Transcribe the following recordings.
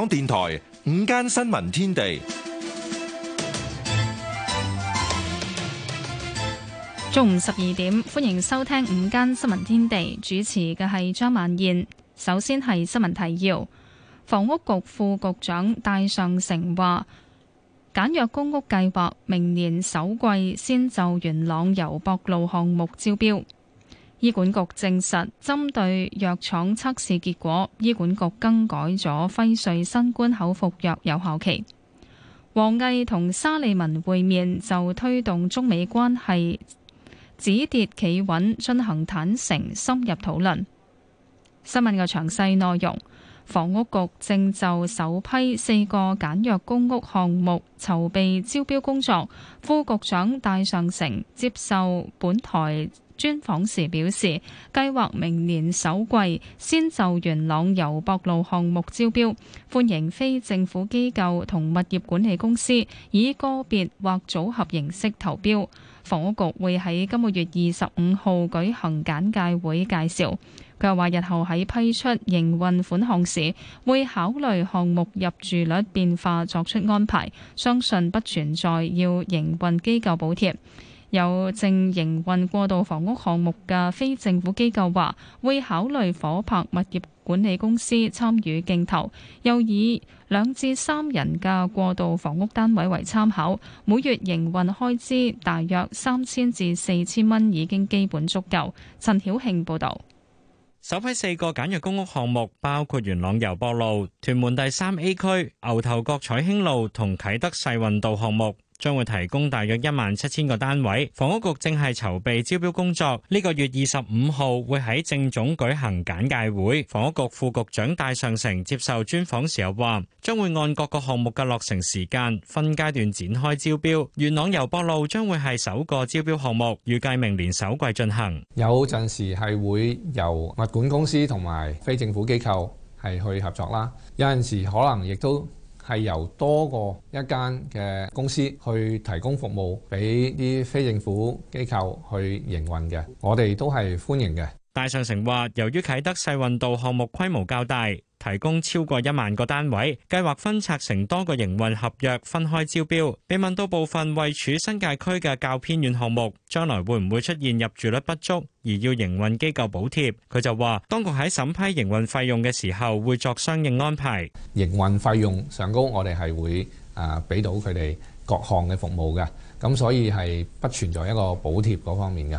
港電台午間新聞天地，中午十二點。歡迎收聽午間新聞天地，主持嘅係張曼燕。首先係新聞提要，房屋局副局長戴尚誠話，簡約公屋計劃明年首季先就元朗油博路項目招標。醫管局證實，針對藥廠測試結果，醫管局更改咗輝瑞新冠口服藥有效期。王毅同沙利文會面，就推動中美關係止跌企穩進行坦誠深入討論。新聞嘅詳細內容。房屋局正就首批四個簡約公屋項目籌備招標工作，副局長戴尚誠接受本台專訪時表示，計劃明年首季先就元朗攸壆路項目招標，歡迎非政府機構同物業管理公司以個別或組合形式投標。房屋局會喺今個月二十五號舉行簡介會，介紹。佢話，日後喺批出營運款項時，會考慮項目入住率變化作出安排。相信不存在要營運機構補貼。有正營運過渡房屋項目嘅非政府機構話，會考慮夥拍物業管理公司參與競投。又以兩至三人嘅過渡房屋單位為參考，每月營運開支大約三千至四千蚊已經基本足夠。陳曉慶報導。首批四個簡約公屋項目包括元朗攸壆路、屯門第三 A 區、牛頭角彩興路同啟德世運道項目。將會提供大約一萬七千個單位，房屋局正係籌備招標工作，呢個月二十五號會喺政總舉行簡介會。房屋局副局長戴尚誠接受專訪時候話，將會按各個項目嘅落成時間分階段展開招標。元朗攸壆路將會係首個招標項目，預計明年首季進行。有陣時係會由物管公司同埋非政府機構係去合作啦，有陣時可能亦都。係由多過一間嘅公司去提供服務俾啲非政府機構去營運嘅，我哋都係歡迎嘅。戴尚成話，由於啟德世運道項目規模較大，提供超過一萬個單位，計劃分拆成多個營運合約，分開招標。被問到部分位處新界區嘅較偏遠項目，將來會唔會出現入住率不足而要營運機構補貼？佢就話：當局喺審批營運費用嘅時候，會作相應安排。營運費用上高，我哋係會啊畀到佢哋各項嘅服務嘅，咁所以係不存在一個補貼嗰方面嘅。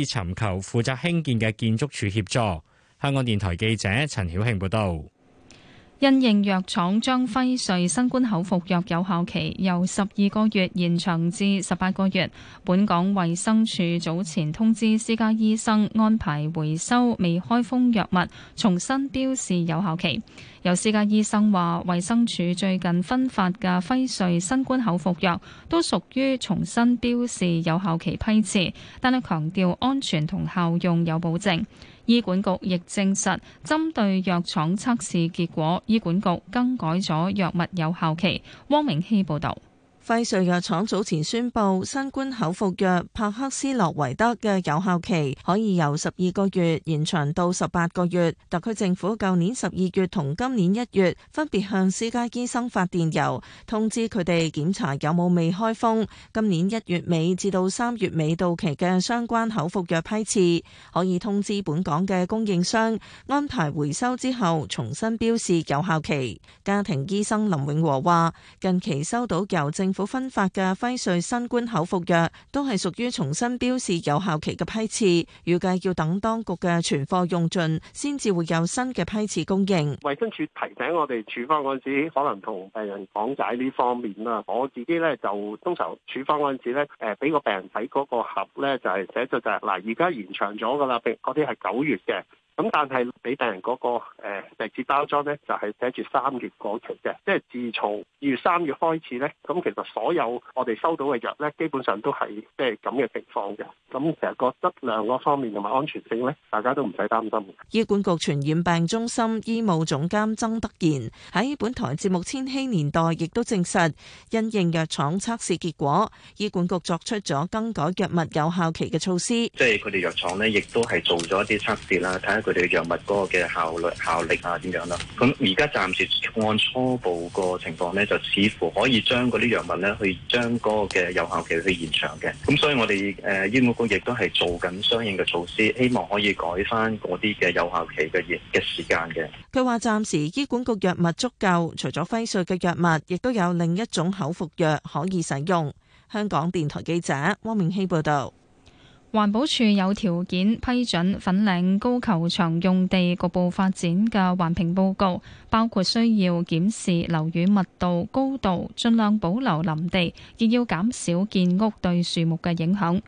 尋求負責興建嘅建築署協助。香港電台記者陳曉慶報道。因應藥廠將輝瑞新冠口服藥有效期由十二個月延長至十八個月，本港衛生署早前通知私家醫生安排回收未開封藥物，重新標示有效期。有私家醫生話，衛生署最近分發嘅輝瑞新冠口服藥都屬於重新標示有效期批次，但係強調安全同效用有保證。醫管局亦證實，針對藥廠測試結果，醫管局更改咗藥物有效期。汪明熙報道。輝瑞藥廠早前宣布，新冠口服藥帕克斯洛維德嘅有效期可以由十二個月延長到十八個月。特區政府舊年十二月同今年一月分別向私家醫生發電郵，通知佢哋檢查有冇未開封今年一月尾至到三月尾到期嘅相關口服藥批次，可以通知本港嘅供應商安排回收之後重新標示有效期。家庭醫生林永和話：近期收到郵政。政府分發嘅輝瑞新冠口服藥都係屬於重新標示有效期嘅批次，預計要等當局嘅存貨用盡，先至會有新嘅批次供應。衛生署提醒我哋處方嗰陣時，可能同病人講解呢方面啦。我自己咧就通常處方嗰陣時咧，誒俾個病人睇嗰個盒咧就係寫咗就係、是、嗱，而家延長咗噶啦，嗰啲係九月嘅。咁但係俾大人嗰個誒石字包裝咧，就係寫住三月過期嘅，即係自從二月三月開始咧，咁其實所有我哋收到嘅藥咧，基本上都係即係咁嘅情況嘅。咁其實個質量嗰方面同埋安全性咧，大家都唔使擔心。醫管局傳染病中心醫務總監曾德賢喺本台節目《千禧年代》亦都證實，因應藥廠測試結果，醫管局作出咗更改藥物有效期嘅措施。即係佢哋藥廠咧，亦都係做咗一啲測試啦，睇佢哋嘅藥物嗰個嘅效率、效力啊點樣啦？咁而家暫時按初步個情況咧，就似乎可以將嗰啲藥物咧，去將嗰個嘅有效期去延長嘅。咁所以我哋誒醫務局亦都係做緊相應嘅措施，希望可以改翻嗰啲嘅有效期嘅嘅時間嘅。佢話暫時醫管局藥物足夠，除咗輝瑞嘅藥物，亦都有另一種口服藥可以使用。香港電台記者汪明希報導。環保署有條件批准粉嶺高球場用地局部發展嘅環評報告，包括需要檢視樓宇密度、高度，盡量保留林地，亦要減少建屋對樹木嘅影響。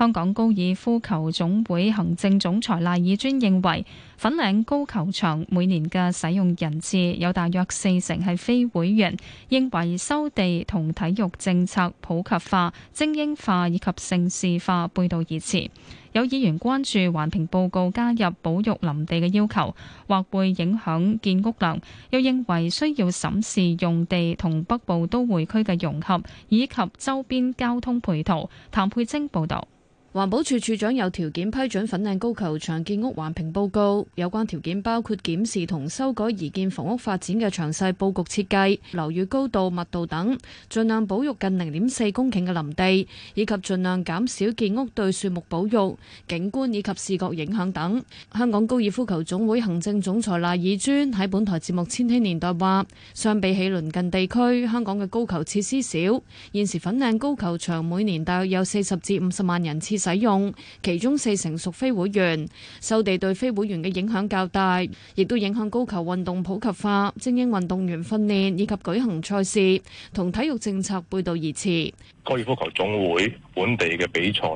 香港高爾夫球總會行政總裁賴爾尊認為，粉嶺高球場每年嘅使用人次有大約四成係非會員，認為收地同體育政策普及化、精英化以及盛事化背道而馳。有議員關注環評報告加入保育林地嘅要求，或會影響建屋量，又認為需要審視用地同北部都會區嘅融合以及周邊交通配套。譚佩晶報導。環保署署長有條件批准，粉嶺高球場建屋環評報告，有關條件包括檢視同修改擬建房屋發展嘅詳細佈局設計、樓宇高度、密度等，盡量保育近零點四公頃嘅林地，以及盡量減少建屋對樹木保育、景觀以及視覺影響等。香港高爾夫球總會行政總裁賴以尊喺本台節目《千禧年代》話：相比起鄰近地區，香港嘅高球場設施少，現時粉嶺高球場每年大約有四十至五十萬人次。使用其中四成屬非會員，收地對非會員嘅影響較大，亦都影響高球運動普及化、精英運動員訓練以及舉行賽事，同體育政策背道而馳。高爾夫球總會本地嘅比賽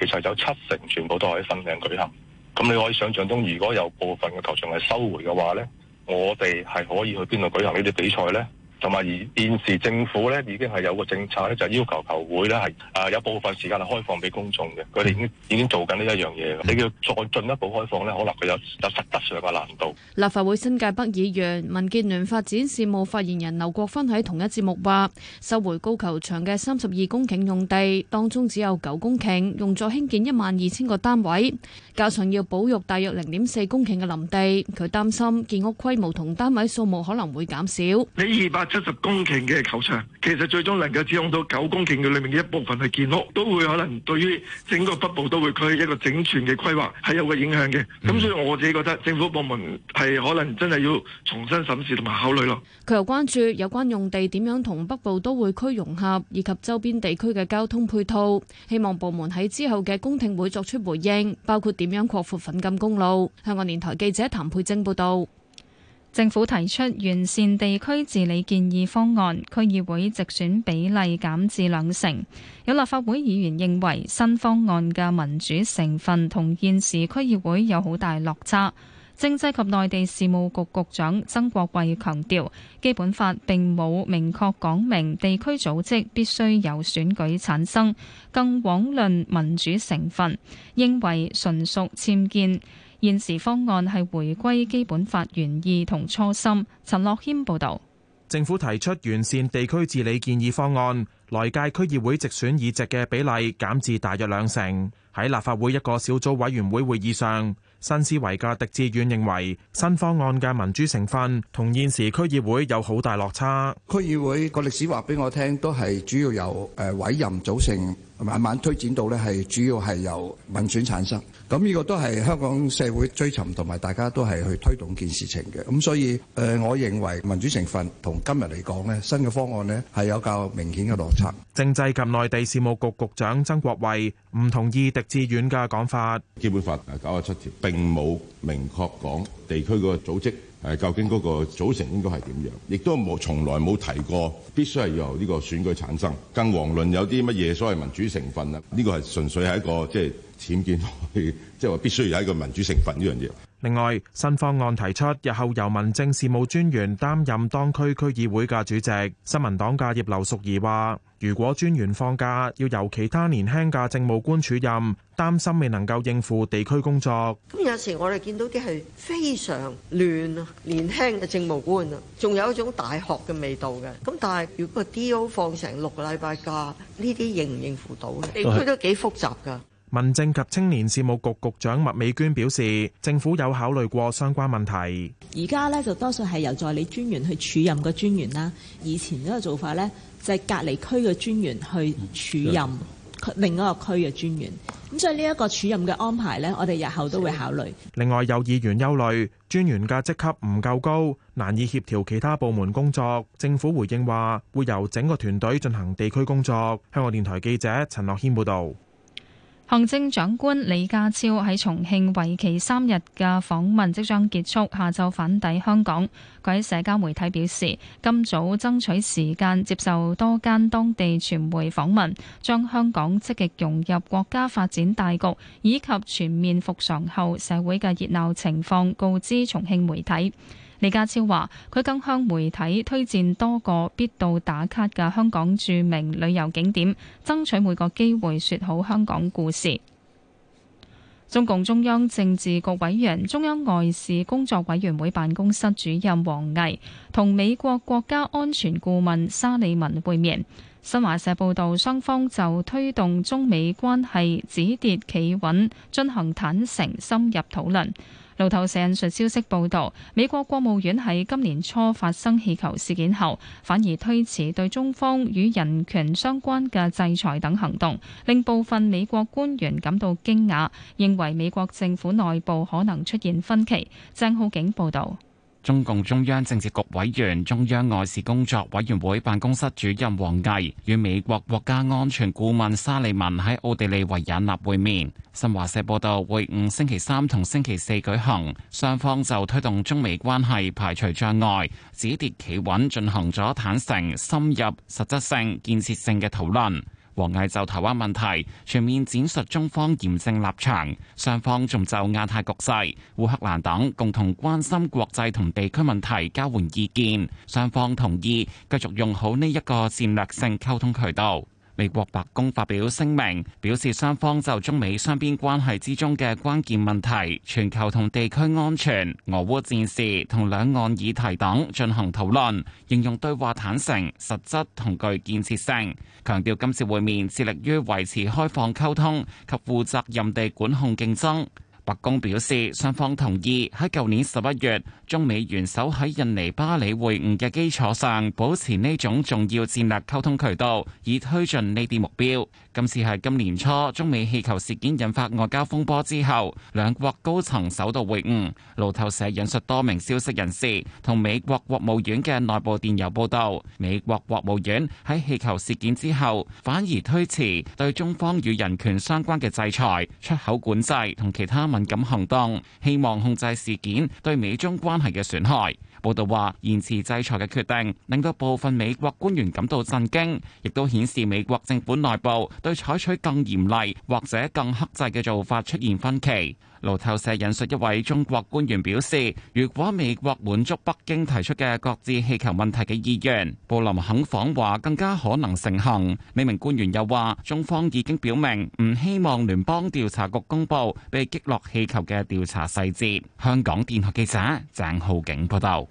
其實有七成全部都係喺粉嶺舉行，咁你可以想象中，如果有部分嘅球場係收回嘅話咧，我哋係可以去邊度舉行呢啲比賽咧？同埋而現時政府咧已經係有個政策咧，就係要求球會咧係啊有部分時間係開放俾公眾嘅，佢哋已經已經做緊呢一樣嘢。你要再進一步開放咧，可能佢有有實質上嘅難度。立法會新界北議員民建聯發展事務發言人劉國勳喺同一節目話：收回高球場嘅三十二公頃用地，當中只有九公頃用作興建一萬二千個單位，加上要保育大約零點四公頃嘅林地，佢擔心建屋規模同單位數目可能會減少。你二百七十公頃嘅球場，其實最終能夠佔用到九公頃嘅裏面嘅一部分去建屋，都會可能對於整個北部都會區一個整全嘅規劃係有個影響嘅。咁所以我自己覺得政府部門係可能真係要重新審視同埋考慮咯。佢又、嗯、關注有關用地點樣同北部都會區融合，以及周邊地區嘅交通配套，希望部門喺之後嘅公聽會作出回應，包括點樣擴闊粉錦公路。香港電台記者譚佩晶報道。政府提出完善地區治理建議方案，區議會直選比例減至兩成。有立法會議員認為新方案嘅民主成分同現時區議會有好大落差。政制及內地事務局局長曾國衛強調，《基本法》並冇明確講明地區組織必須由選舉產生，更枉論民主成分，認為純屬僭建。現時方案係回歸基本法原意同初心。陳樂謙報導，政府提出完善地區治理建議方案，來屆區議會直選議席嘅比例減至大約兩成。喺立法會一個小組委員會會議上，新思維嘅狄志遠認為，新方案嘅民主成分同現時區議會有好大落差。區議會個歷史話俾我聽，都係主要由委任組成。慢慢推展到呢，係主要係由民選產生。咁呢個都係香港社會追尋，同埋大家都係去推動件事情嘅。咁所以，誒，我認為民主成分同今日嚟講呢，新嘅方案呢係有較明顯嘅落差。政制及內地事務局局長曾國衛唔同意狄志遠嘅講法。《基本法》誒九十七條並冇明確講地區嗰個組織。係究竟嗰個組成應該係點樣，亦都冇從來冇提過必須係由呢個選舉產生，更遑論有啲乜嘢所謂民主成分啦。呢、呢個係純粹係一個即係僭建落去，即係話必須有一個民主成分呢樣嘢。另外，新方案提出，日後由民政事務專員擔任當區區議會嘅主席。新民黨嘅葉劉淑儀話，如果專員放假，要由其他年輕嘅政務官署任，擔心未能夠應付地區工作。咁有時我哋見到啲係非常亂啊，年輕嘅政務官啊，仲有一種大學嘅味道嘅。咁但係如果個 D.O. 放成六個禮拜假，呢啲應唔應付到？地區都幾複雜㗎。民政及青年事務局局長麥美娟表示，政府有考慮過相關問題。而家呢，就多數係由助理專員去署任個專員啦。以前呢個做法呢，就係、是、隔離區嘅專員去署任另一個區嘅專員。咁所以呢一個署任嘅安排呢，我哋日後都會考慮。另外有議員憂慮專員嘅職級唔夠高，難以協調其他部門工作。政府回應話，會由整個團隊進行地區工作。香港電台記者陳樂謙報道。行政長官李家超喺重慶為期三日嘅訪問即將結束，下晝返抵香港。佢喺社交媒體表示，今早爭取時間接受多間當地傳媒訪問，將香港積極融入國家發展大局以及全面復常後社會嘅熱鬧情況告知重慶媒體。李家超話：佢更向媒體推薦多個必到打卡嘅香港著名旅遊景點，爭取每個機會說好香港故事。中共中央政治局委員、中央外事工作委員會辦公室主任王毅同美國國家安全顧問沙利文會面。新華社報導，雙方就推動中美關係止跌企穩進行坦誠深入討論。路透社引述消息報道，美國國務院喺今年初發生氣球事件後，反而推遲對中方與人權相關嘅制裁等行動，令部分美國官員感到驚訝，認為美國政府內部可能出現分歧。鄭浩景報道。中共中央政治局委員、中央外事工作委員會辦公室主任王毅與美國國家安全顧問沙利文喺奧地利維也納會面。新華社報道，會晤星期三同星期四舉行，雙方就推動中美關係排除障礙、止跌企穩進行咗坦誠、深入、實質性、建設性嘅討論。王毅就台灣問題全面展述中方嚴正立場，雙方仲就亞太局勢、烏克蘭等共同關心國際同地區問題交換意見，雙方同意繼續用好呢一個戰略性溝通渠道。美國白宮發表聲明，表示雙方就中美雙邊關係之中嘅關鍵問題、全球同地區安全、俄烏戰事同兩岸議題等進行討論，形容對話坦誠、實質同具建設性，強調今次會面致力於維持開放溝通及負責任地管控競爭。白宮表示，雙方同意喺舊年十一月中美元首喺印尼巴里會晤嘅基礎上，保持呢種重要戰略溝通渠道，以推進呢啲目標。今次係今年初中美氣球事件引發外交風波之後，兩國高層首度會晤。路透社引述多名消息人士同美國國務院嘅內部電郵報道，美國國務院喺氣球事件之後，反而推遲對中方與人權相關嘅制裁、出口管制同其他敏感行動，希望控制事件對美中關係嘅損害。報道話，延遲制裁嘅決定令到部分美國官員感到震驚，亦都顯示美國政府內部對採取更嚴厲或者更克制嘅做法出現分歧。路透社引述一位中國官員表示，如果美國滿足北京提出嘅擱置氣球問題嘅意願，布林肯訪華更加可能成行。呢名官員又話，中方已經表明唔希望聯邦調查局公布被擊落氣球嘅調查細節。香港電台記者鄭浩景報道。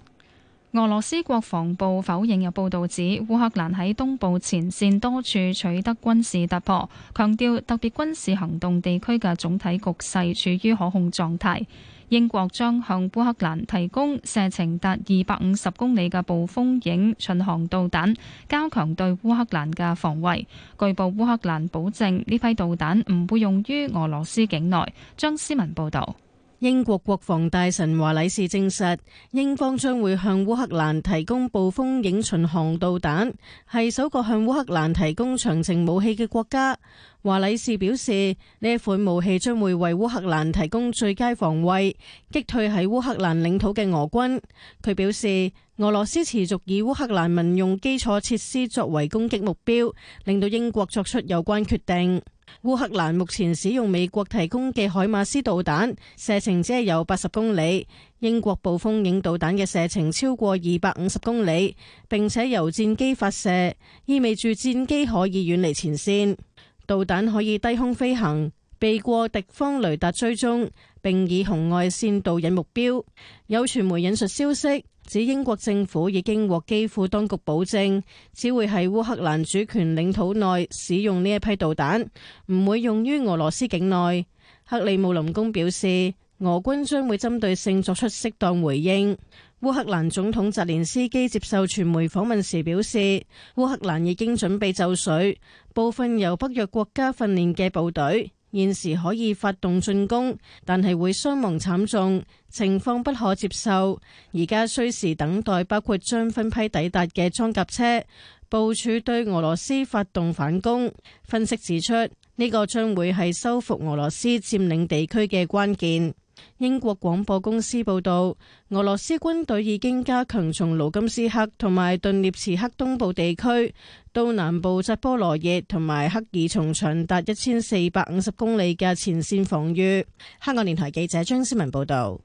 俄羅斯國防部否認有報導指烏克蘭喺東部前線多處取得軍事突破，強調特別軍事行動地區嘅總體局勢處於可控狀態。英國將向烏克蘭提供射程達二百五十公里嘅暴風影巡航導彈，加強對烏克蘭嘅防衛。據報烏克蘭保證呢批導彈唔會用於俄羅斯境內。張思文報導。英國國防大臣華禮士證實，英方將會向烏克蘭提供暴風影巡航導彈，係首個向烏克蘭提供長程武器嘅國家。華禮士表示，呢一款武器將會為烏克蘭提供最佳防衛，擊退喺烏克蘭領土嘅俄軍。佢表示。俄羅斯持續以烏克蘭民用基礎設施作為攻擊目標，令到英國作出有關決定。烏克蘭目前使用美國提供嘅海馬斯導彈，射程只係有八十公里。英國暴風影導彈嘅射程超過二百五十公里，並且由戰機發射，意味住戰機可以遠離前線。導彈可以低空飛行，避過敵方雷達追蹤，並以紅外線導引目標。有傳媒引述消息，指英國政府已經獲基輔當局保證，只會喺烏克蘭主權領土內使用呢一批導彈，唔會用於俄羅斯境內。克里姆林宮表示，俄軍將會針對性作出適當回應。烏克蘭總統澤連斯基接受傳媒訪問時表示，烏克蘭已經準備就緒，部分由北約國家訓練嘅部隊。現時可以發動進攻，但係會傷亡慘重，情況不可接受。而家需時等待包括將分批抵達嘅裝甲車部署對俄羅斯發動反攻。分析指出，呢個將會係收復俄羅斯佔領地區嘅關鍵。英國廣播公司報道，俄羅斯軍隊已經加強從盧金斯克同埋頓涅茨克東部地區到南部扎波羅熱同埋克爾松長達一千四百五十公里嘅前線防禦。香港電台記者張思文報道，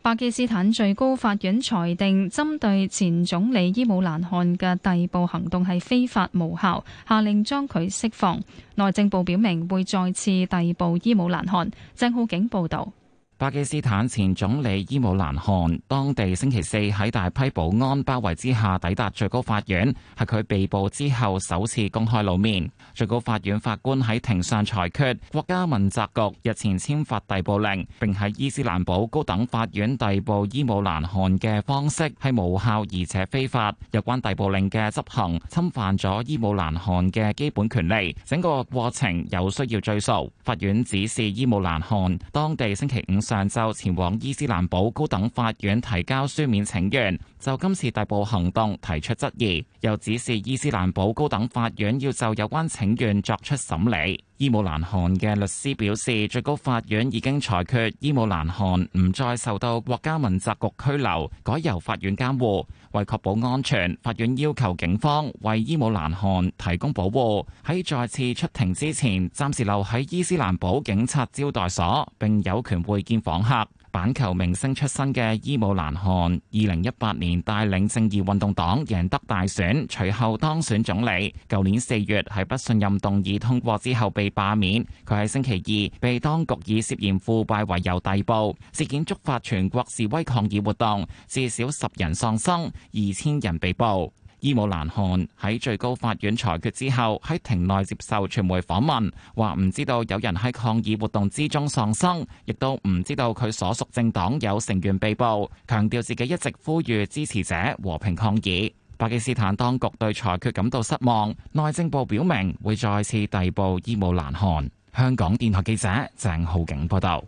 巴基斯坦最高法院裁定針對前總理伊姆蘭汗嘅逮捕行動係非法無效，下令將佢釋放。內政部表明會再次逮捕伊姆蘭汗。鄭浩景報道。巴基斯坦前總理伊姆蘭汗，當地星期四喺大批保安包圍之下抵達最高法院，係佢被捕之後首次公開露面。最高法院法官喺庭上裁決，國家問責局日前簽發逮捕令，並喺伊斯蘭堡高等法院逮捕伊姆蘭汗嘅方式係無效而且非法，有關逮捕令嘅執行侵犯咗伊姆蘭汗嘅基本權利，整個過程有需要追溯。法院指示伊姆蘭汗，當地星期五。上晝前往伊斯蘭堡高等法院提交書面請願，就今次逮捕行動提出質疑，又指示伊斯蘭堡高等法院要就有關請願作出審理。伊姆蘭汗嘅律師表示，最高法院已經裁決伊姆蘭汗唔再受到國家問責局拘留，改由法院監護。為確保安全，法院要求警方為伊姆蘭汗提供保護，喺再次出庭之前，暫時留喺伊斯蘭堡警察招待所，並有權會見訪客。板球明星出身嘅伊姆蘭汗，二零一八年帶領正義運動黨贏得大選，隨後當選總理。舊年四月喺不信任動議通過之後被罷免，佢喺星期二被當局以涉嫌腐敗為由逮捕。事件觸發全國示威抗議活動，至少十人喪生，二千人被捕。伊姆蘭汗喺最高法院裁決之後喺庭內接受傳媒訪問，話唔知道有人喺抗議活動之中喪生，亦都唔知道佢所屬政黨有成員被捕，強調自己一直呼籲支持者和平抗議。巴基斯坦當局對裁決感到失望，內政部表明會再次逮捕伊姆蘭汗。香港電台記者鄭浩景報道。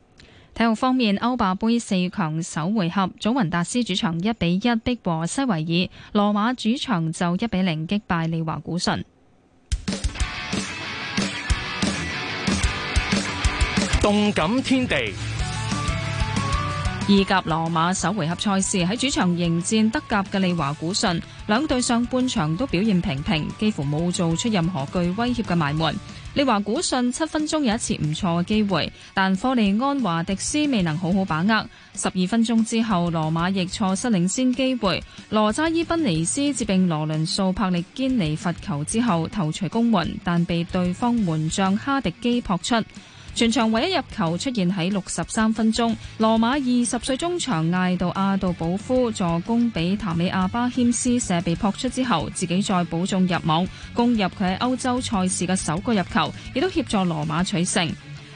體育方面，歐霸杯四強首回合，祖雲達斯主場一比一逼和西維爾，羅馬主場就一比零擊敗利華古遜。動感天地意甲羅馬首回合賽事喺主場迎戰德甲嘅利華古遜，兩隊上半場都表現平平，幾乎冇做出任何具威脅嘅埋門。利華古遜七分鐘有一次唔錯嘅機會，但科利安華迪斯未能好好把握。十二分鐘之後，羅馬亦錯失領先機會。羅扎伊賓尼斯接並羅倫素柏力堅尼罰球之後投除公援，但被對，對方門將哈迪基撲出。全場唯一入球出現喺六十三分鐘，羅馬二十歲中場艾杜阿杜保夫助攻俾塔美亞巴謙斯射被撲出之後，自己再補中入網，攻入佢喺歐洲賽事嘅首個入球，亦都協助羅馬取勝。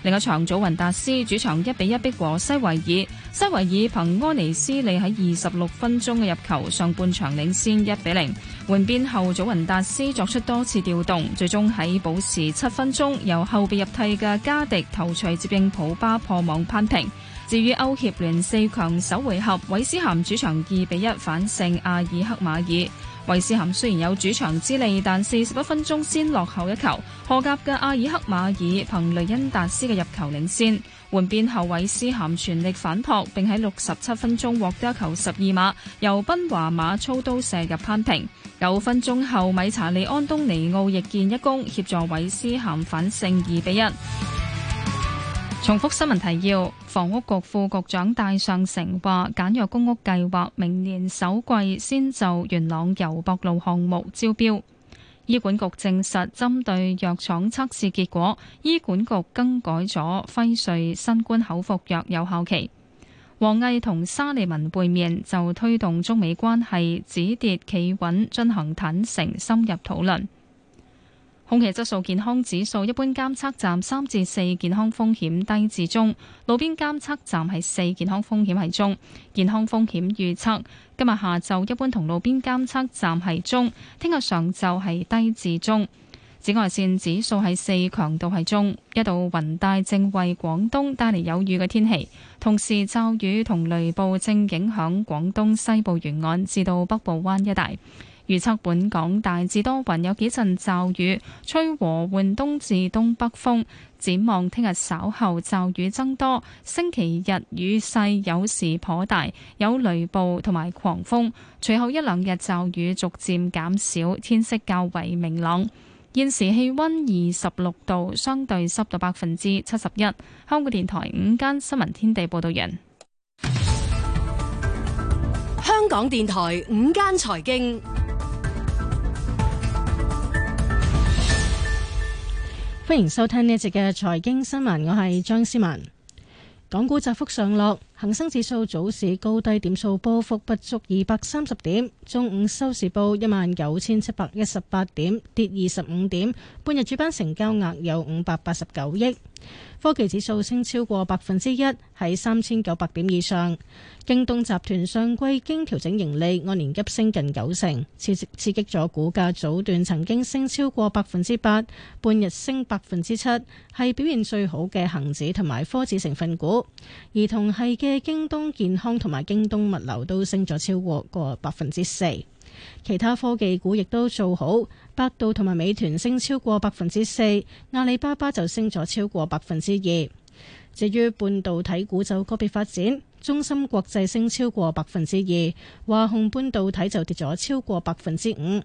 另一場，祖雲達斯主場一比一逼和西維爾。西維爾憑安尼斯利喺二十六分鐘嘅入球，上半場領先一比零。換邊後，祖雲達斯作出多次調動，最終喺補時七分鐘，由後備入替嘅加迪頭槌接應普巴破網扳平。至於歐協聯四強首回合，韋斯咸主場二比一反勝阿爾克馬爾。韋斯咸雖然有主場之利，但四十一分鐘先落後一球。荷甲嘅阿爾克馬爾憑雷恩達斯嘅入球領先。換邊後，韋斯咸全力反撲，並喺六十七分鐘獲得一球十二碼，由賓華馬操刀射入扳平。九分鐘後米查利安東尼奧亦建一功，協助韋斯咸反勝二比一。重複新聞提要：房屋局副局長戴尚成話，簡約公屋計劃明年首季先就元朗油博路項目招標。醫管局證實，針對藥廠測試結果，醫管局更改咗輝瑞新冠口服藥有效期。王毅同沙利文會面，就推動中美關係止跌企穩進行坦誠深入討論。空氣質素健康指數一般監測站三至四，健康風險低至中，路邊監測站係四，健康風險係中。健康風險預測，今日下晝一般同路邊監測站係中，聽日上晝係低至中。紫外線指數係四，強度係中。一道雲帶正為廣東帶嚟有雨嘅天氣，同時驟雨同雷暴正影響廣東西部沿岸至到北部灣一帶。預測本港大致多雲，有幾陣驟雨，吹和緩東至東北風。展望聽日稍後驟雨增多，星期日雨勢有時頗大，有雷暴同埋狂風。隨後一兩日驟雨逐漸減少，天色較為明朗。現時氣温二十六度，相對濕度百分之七十一。香港電台午間新聞天地報道完，香港電台午間財經。歡迎收聽呢一節嘅財經新聞，我係張思文。港股窄幅上落，恒生指數早市高低點數波幅不足二百三十點，中午收市報一萬九千七百一十八點，跌二十五點。半日主板成交額有五百八十九億。科技指數升超過百分之一，喺三千九百點以上。京東集團上季經調整盈利按年急升近九成，刺激刺激咗股價早段曾經升超過百分之八，半日升百分之七，係表現最好嘅恒指同埋科指成分股。而同系嘅京東健康同埋京東物流都升咗超過過百分之四。其他科技股亦都做好，百度同埋美團升超過百分之四，阿里巴巴就升咗超過百分之二。至於半導體股就個別發展，中芯國際升超過百分之二，華控半導體就跌咗超過百分之五。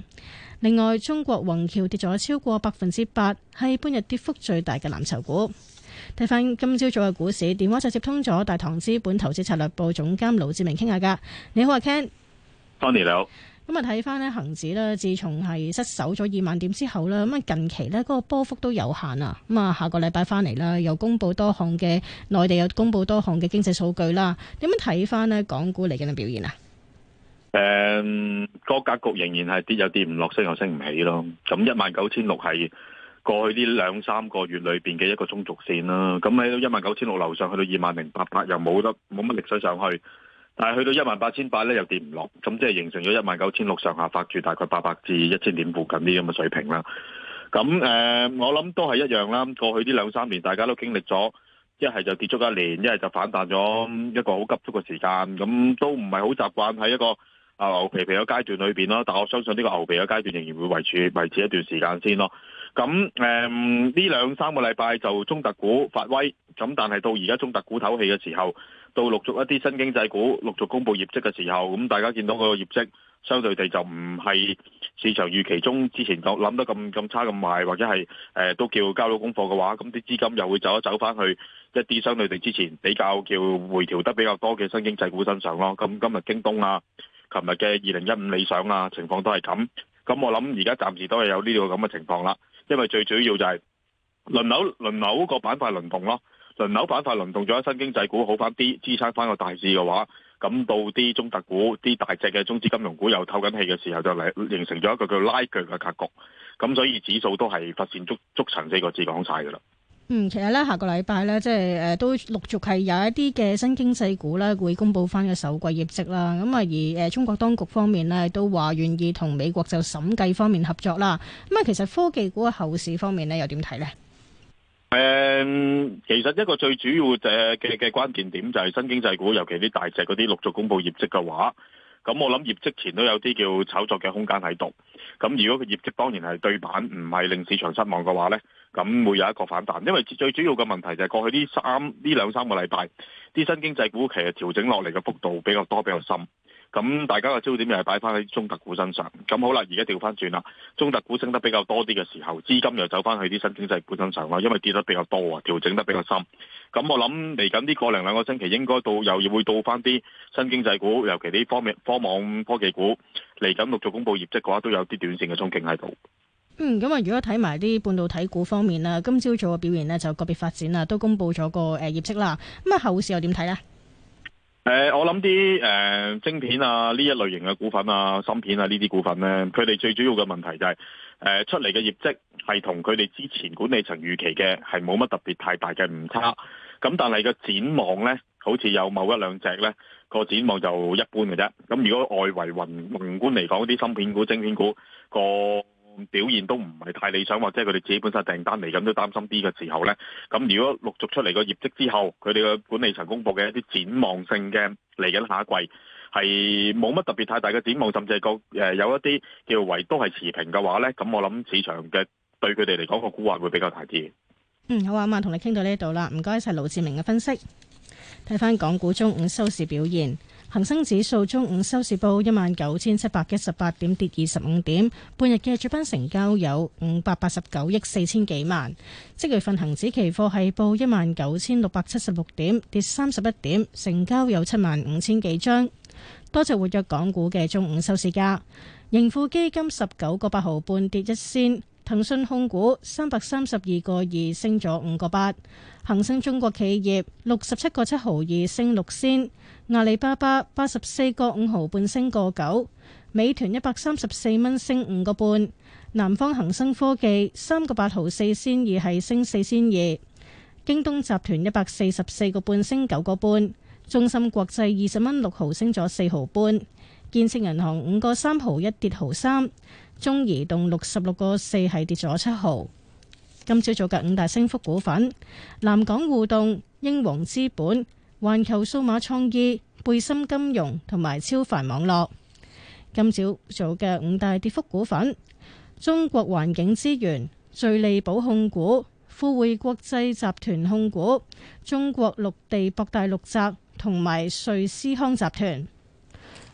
另外，中國宏橋跌咗超過百分之八，係半日跌幅最大嘅藍籌股。睇翻今朝早嘅股市，電話就接通咗大唐資本投資策略部總監盧志明傾下噶。你好，啊 Ken，Tony 你好。咁啊，睇翻，咧恒指咧，自從係失守咗二萬點之後啦，咁啊近期咧嗰個波幅都有限啊。咁啊，下個禮拜翻嚟啦，又公布多項嘅內地又公布多項嘅經濟數據啦。點樣睇翻咧？港股嚟緊嘅表現啊？誒、嗯，個格局仍然係跌有跌唔落，升又升唔起咯。咁一萬九千六係過去呢兩三個月裏邊嘅一個中軸線啦。咁喺一萬九千六樓上去到二萬零八百，又冇得冇乜力水上去。但係去到一萬八千八咧又跌唔落，咁即係形成咗一萬九千六上下橫住，大概八百至一千點附近呢啲咁嘅水平啦。咁誒、呃，我諗都係一樣啦。過去呢兩三年大家都經歷咗一係就跌足一年，一係就反彈咗一個好急促嘅時間，咁都唔係好習慣喺一個啊牛皮皮嘅階段裏邊咯。但我相信呢個牛皮嘅階段仍然會維持維持一段時間先咯。咁誒，呢兩三個禮拜就中特股發威，咁但係到而家中特股唞氣嘅時候，到陸續一啲新經濟股陸續公布業績嘅時候，咁大家見到個業績相對地就唔係市場預期中之前就諗得咁咁差咁壞，或者係誒都叫交到功課嘅話，咁啲資金又會走一走翻去一啲相對地之前比較叫回調得比較多嘅新經濟股身上咯。咁今日京東啊，琴日嘅二零一五理想啊，情況都係咁。咁我諗而家暫時都係有呢個咁嘅情況啦。因為最主要就係輪流輪流個板塊輪動咯，輪流板塊輪動咗，新經濟股好翻啲支撐翻個大市嘅話，咁到啲中特股、啲大隻嘅中資金融股又透緊氣嘅時候，就嚟形成咗一個叫拉鋸嘅格局，咁所以指數都係發展足足層四個字講晒噶啦。嗯，其實咧，下個禮拜咧，即係誒、呃、都陸續係有一啲嘅新經濟股咧，會公布翻嘅首季業績啦。咁啊，而誒中國當局方面咧，都話願意同美國就審計方面合作啦。咁啊，其實科技股嘅後市方面咧，又點睇呢？誒、嗯，其實一個最主要嘅嘅嘅關鍵點就係新經濟股，尤其啲大隻嗰啲陸續公布業績嘅話。咁我諗業績前都有啲叫炒作嘅空間喺度，咁如果個業績當然係對板，唔係令市場失望嘅話呢，咁會有一個反彈，因為最主要嘅問題就係過去呢三呢兩三個禮拜，啲新經濟股其實調整落嚟嘅幅度比較多，比較深。咁大家嘅焦點又係擺翻喺中特股身上。咁好啦，而家調翻轉啦，中特股升得比較多啲嘅時候，資金又走翻去啲新經濟股身上啦。因為跌得比較多啊，調整得比較深。咁我諗嚟緊呢個零兩個星期，應該到又要會到翻啲新經濟股，尤其啲方面科網科技股嚟緊陸續公布業績嘅話，都有啲短線嘅憧憬喺度。嗯，咁啊，如果睇埋啲半導體股方面啦，今朝早嘅表現呢，就個別發展啦，都公布咗個誒業績啦。咁啊，後市又點睇呢？誒、呃，我諗啲誒晶片啊呢一類型嘅股份啊，芯片啊呢啲股份咧，佢哋最主要嘅問題就係、是，誒、呃、出嚟嘅業績係同佢哋之前管理層預期嘅係冇乜特別太大嘅誤差，咁但係個展望咧，好似有某一兩隻咧個展望就一般嘅啫。咁如果外圍宏觀嚟講，啲芯片股、晶片股個，表現都唔係太理想，或者佢哋自己本身訂單嚟緊都擔心啲嘅時候呢。咁如果陸續出嚟個業績之後，佢哋嘅管理層公布嘅一啲展望性嘅嚟緊下一季係冇乜特別太大嘅展望，甚至係個誒有一啲叫維都係持平嘅話呢。咁我諗市場嘅對佢哋嚟講個估價會比較大啲。嗯，好啊，啱啱同你傾到呢度啦，唔該，一齊盧志明嘅分析，睇翻港股中午收市表現。恒生指數中午收市報一萬九千七百一十八點，跌二十五點。半日嘅主板成交有五百八十九億四千幾萬。即月份恒指期貨係報一萬九千六百七十六點，跌三十一點，成交有七萬五千幾張。多隻活躍港股嘅中午收市價。盈富基金十九個八毫半跌一仙。騰訊控股三百三十二個二升咗五個八，恒生中國企業六十七個七毫二升六仙，阿里巴巴八十四個五毫半升個九，美團一百三十四蚊升五個半，南方恒生科技三個八毫四仙二係升四仙二，京東集團一百四十四個半升九個半，中芯國際二十蚊六毫升咗四毫半。建設銀行五個三毫一跌毫三，中移動六十六個四係跌咗七毫。今朝早嘅五大升幅股份：南港互動、英皇資本、環球數碼創意、貝森金融同埋超凡網絡。今朝早嘅五大跌幅股份：中國環境資源、聚利寶控股、富匯國際集團控股、中國陸地博大綠澤同埋瑞思康集團。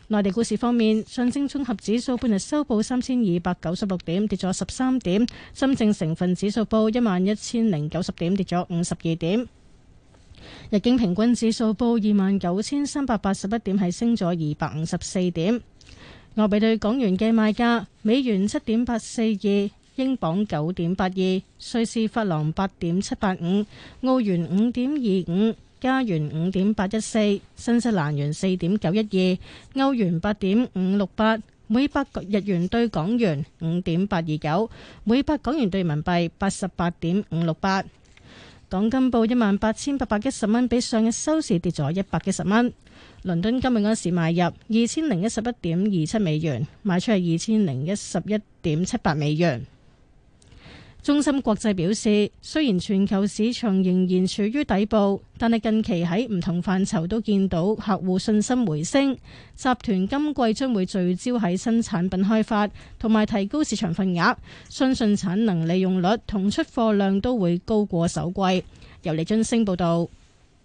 內地股市方面，上證綜合指數半日收報三千二百九十六點，跌咗十三點；深證成分指數報一萬一千零九十點，跌咗五十二點；日經平均指數報二萬九千三百八十一點，係升咗二百五十四點。外幣兌港元嘅賣價：美元七點八四二，英鎊九點八二，瑞士法郎八點七八五，澳元五點二五。加元五點八一四，新西蘭元四點九一二，歐元八點五六八，每百日元兌港元五點八二九，每百港元兌人民幣八十八點五六八。港金報一萬八千八百一十蚊，比上日收市跌咗一百一十蚊。倫敦今日嗰時買入二千零一十一點二七美元，賣出係二千零一十一點七八美元。中芯國際表示，雖然全球市場仍然處於底部，但係近期喺唔同範疇都見到客戶信心回升。集團今季將會聚焦喺新產品開發同埋提高市場份額，相信，信產能利用率同出貨量都會高過首季。由李津聲報導，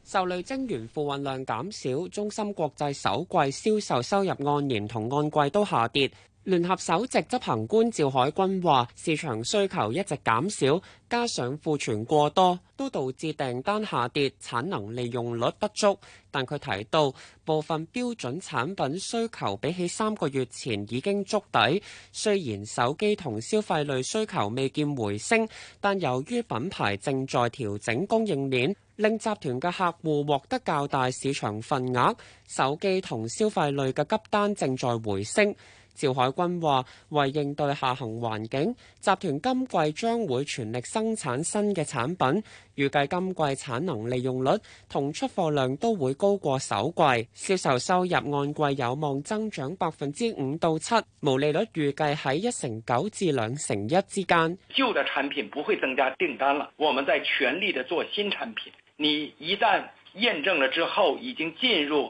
受累精元貨運量減少，中芯國際首季銷售收入按年同按季都下跌。聯合首席執行官趙海軍話：市場需求一直減少，加上庫存過多，都導致訂單下跌，產能利用率不足。但佢提到部分標準產品需求比起三個月前已經築底，雖然手機同消費類需求未見回升，但由於品牌正在調整供應鏈，令集團嘅客戶獲得較大市場份額。手機同消費類嘅急單正在回升。趙海軍話：為應對下行環境，集團今季將會全力生產新嘅產品，預計今季產能利用率同出貨量都會高過首季，銷售收入按季有望增長百分之五到七，毛利率預計喺一成九至兩成一之間。舊的產品不會增加訂單了，我們在全力的做新產品。你一旦驗證了之後，已經進入。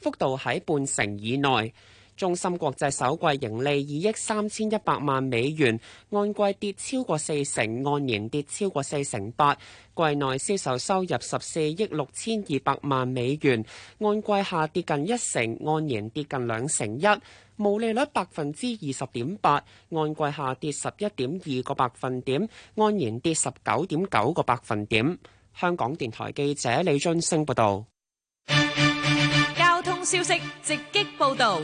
幅度喺半成以內，中心國際首季盈利二億三千一百萬美元，按季跌超過四成，按年跌超過四成八。季內銷售收入十四億六千二百萬美元，按季下跌近一成，按年跌近兩成一。毛利率百分之二十點八，按季下跌十一點二個百分點，按年跌十九點九個百分點。香港電台記者李津升報道。消息直擊報道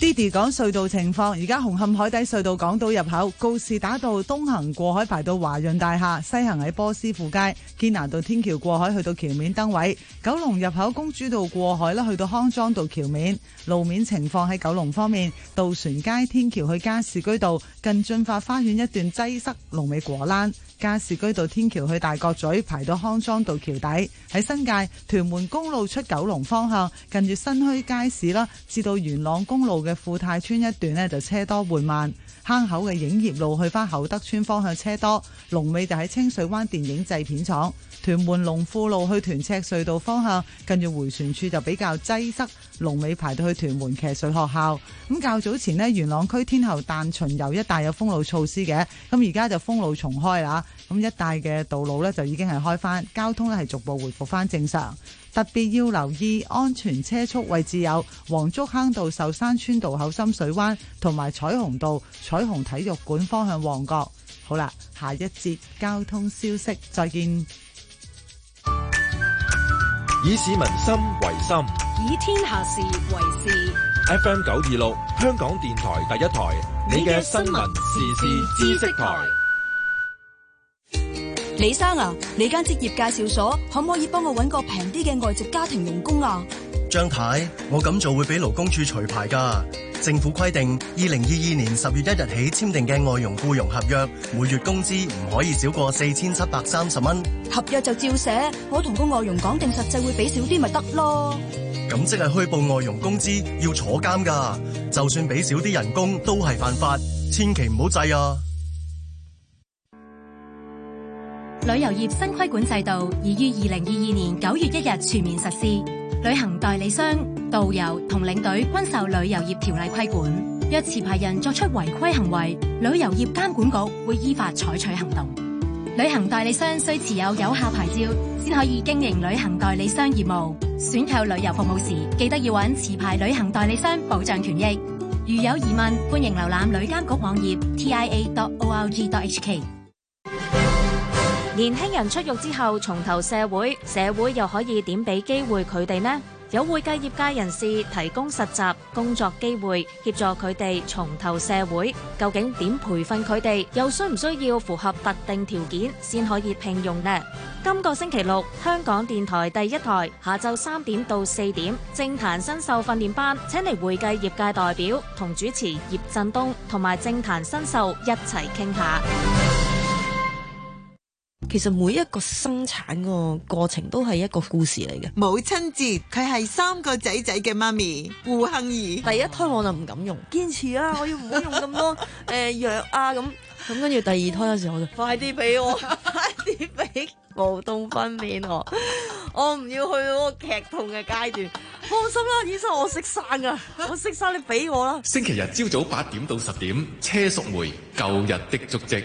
d i d y 講隧道情況。而家紅磡海底隧道港島入口告士打道東行過海排到華潤大廈，西行喺波斯富街堅拿道天橋過海去到橋面燈位。九龍入口公主道過海咧，去到康莊道橋面。路面情況喺九龍方面，渡船街天橋去加士居道近駿發花園一段擠塞龍尾果欄。加士居道天橋去大角咀排到康莊道橋底，喺新界屯門公路出九龍方向，近住新墟街市啦，至到元朗公路嘅富泰村一段呢，就車多緩慢。坑口嘅影業路去翻厚德村方向車多，龍尾就喺清水灣電影製片廠；屯門龍富路去屯赤隧道方向，近住回旋處就比較擠塞，龍尾排到去屯門騎水學校。咁較早前呢，元朗區天后誕巡遊一帶有封路措施嘅，咁而家就封路重開啦，咁一帶嘅道路呢，就已經係開翻，交通呢係逐步回復翻正常。特別要留意安全車速位置有黃竹坑道、壽山村道口、深水灣同埋彩虹道、彩虹體育館方向旺角。好啦，下一節交通消息，再見。以市民心為心，以天下事為事。FM 九二六，香港電台第一台，你嘅新聞時事知識台。李生啊，你間職業介紹所可唔可以幫我揾個平啲嘅外籍家庭傭工啊？張太，太，我咁做會俾勞工處除牌噶。政府規定，二零二二年十月一日起簽訂嘅外傭僱傭合約，每月工資唔可以少過四千七百三十蚊。合約就照寫，我同個外傭講定實際、實際會俾少啲咪得咯？咁即係虛報外傭工資要坐監噶，就算俾少啲人工都係犯法，千祈唔好制啊！旅遊業新規管制度已於二零二二年九月一日全面實施，旅行代理商、導遊同領隊均受旅遊業條例規管。若持牌人作出違規行為，旅遊業監管局會依法採取行動。旅行代理商需持有有效牌照，先可以經營旅行代理商業務。選購旅遊服務時，記得要搵持牌旅行代理商保障權益。如有疑問，歡迎瀏覽旅監局網頁 tia.org.hk。年輕人出獄之後，重投社會，社會又可以點俾機會佢哋呢？有會計業界人士提供實習工作機會，協助佢哋重投社會。究竟點培訓佢哋？又需唔需要符合特定條件先可以聘用呢？今個星期六，香港電台第一台，下晝三點到四點，政壇新秀訓練班，請嚟會計業界代表同主持葉振東同埋政壇新秀一齊傾下。其實每一個生產個過程都係一個故事嚟嘅。母親節，佢係三個仔仔嘅媽咪胡杏兒。第一胎我就唔敢用，堅持啦堅持啊，我要唔好用咁多誒藥啊咁咁。跟住第二胎嗰時我就快啲俾我，快啲俾，無痛分娩我，我唔要去嗰個劇痛嘅階段。放心啦，醫生，我識生㗎，我識生，你俾我啦。星期日朝早八點到十點，車淑梅，舊日的足跡。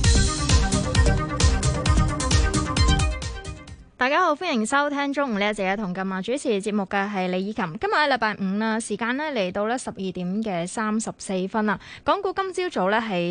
大家好，歡迎收聽中午呢一節嘅《同今晚主持》節目嘅係李以琴。今日係禮拜五啦，時間咧嚟到咧十二點嘅三十四分啦。港股今朝早咧係。